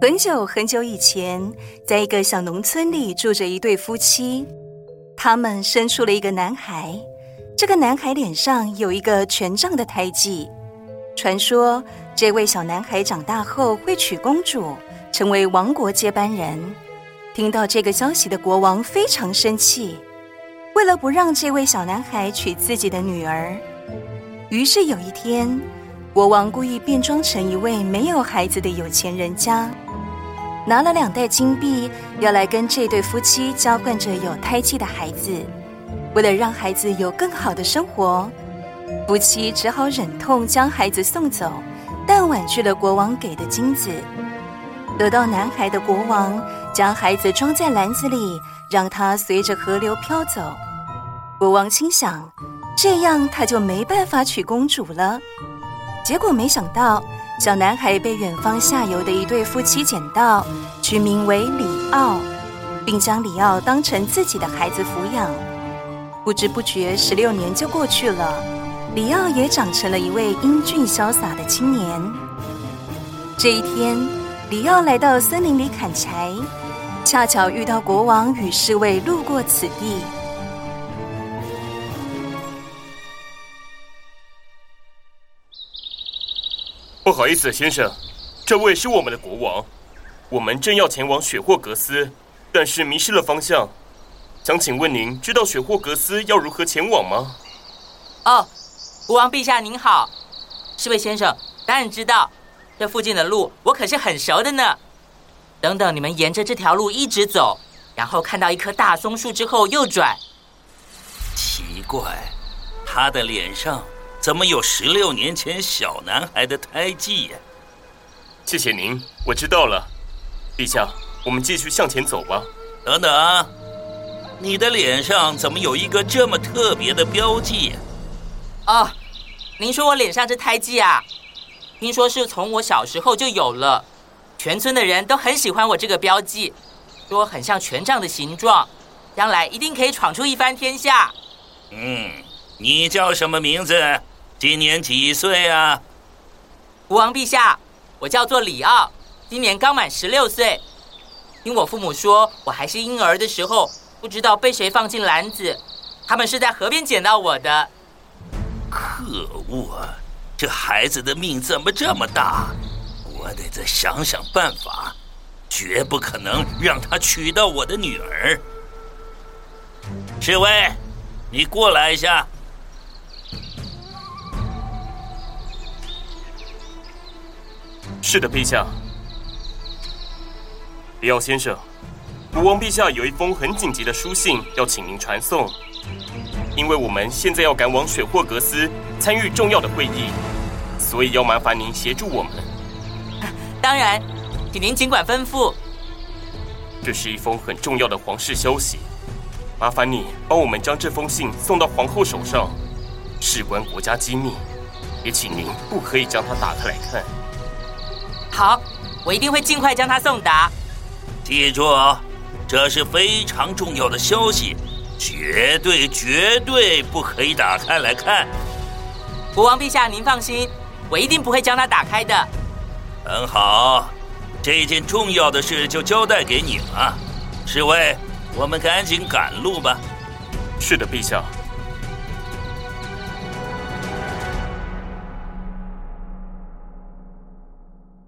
很久很久以前，在一個小農村裡住着一對夫妻，他們生出了一個男孩。這個男孩臉上有一個權杖的胎記。傳說，這位小男孩長大後會娶公主，成為王國接班人。聽到這個消息的國王非常生氣，為了不讓這位小男孩娶自己的女兒，於是有一天，國王故意變裝成一位沒有孩子的有錢人家，拿了兩袋金幣，要來跟這對夫妻交換着有胎記的孩子。為了讓孩子有更好的生活，夫妻只好忍痛將孩子送走，但婉拒了國王給的金子。得到男孩的國王將孩子裝在籃子裡，讓他隨着河流飄走。國王心想，這樣他就沒辦法娶公主了。結果沒想到，小男孩被遠方下游的一對夫妻撿到，取名為里奧，並將里奧當成自己的孩子撫養。不知不覺，十六年就過去了，里奧也長成了一位英俊瀟灑的青年。這一天，里奧來到森林裡砍柴，恰巧遇到國王與侍衛路過此地。不好意思，先生，這位是我們的國王。我們正要前往雪霍格斯，但是迷失了方向，想請問您知道雪霍格斯要如何前往嗎？哦，國王陛下您好，這位先生當然知道，這附近的路我可是很熟的呢。等等，你們沿着這條路一直走，然後看到一棵大松樹之後右轉。奇怪，他的臉上。怎麼有十六年前小男孩的胎記啊？謝謝您，我知道了。陛下，我們繼續向前走吧。等等啊，你的臉上怎麼有一個這麼特別的標記啊？哦，您說我臉上這胎記啊？聽說是從我小時候就有了，全村的人都很喜歡我這個標記，說很像權杖的形狀，將來一定可以闖出一番天下。嗯，你叫什麼名字？今年幾歲啊？國王陛下，我叫做里奧，今年剛滿十六歲。聽我父母說，我還是嬰兒的時候，不知道被誰放進籃子，他們是在河邊撿到我的。可惡啊！這孩子的命怎麼這麼大？我得再想想辦法，絕不可能讓他娶到我的女兒。侍衛，你過來一下。是的，陛下。里奧先生，國王陛下有一封很緊急的書信要請您傳送，因為我們現在要趕往雪霍格斯參與重要的會議，所以要麻煩您協助我們。當然，請您儘管吩咐。這是一封很重要的皇室消息，麻煩你幫我們將這封信送到皇后手上。事關國家機密，也請您不可以將它打開來看。好，我一定會盡快將它送達啊。記住，這是非常重要的消息，絕對絕對不可以打開來看。國王陛下，您放心，我一定不會將它打開的。很好，這件重要的事就交代給你了。侍衛，我們趕緊趕路吧。是的，陛下。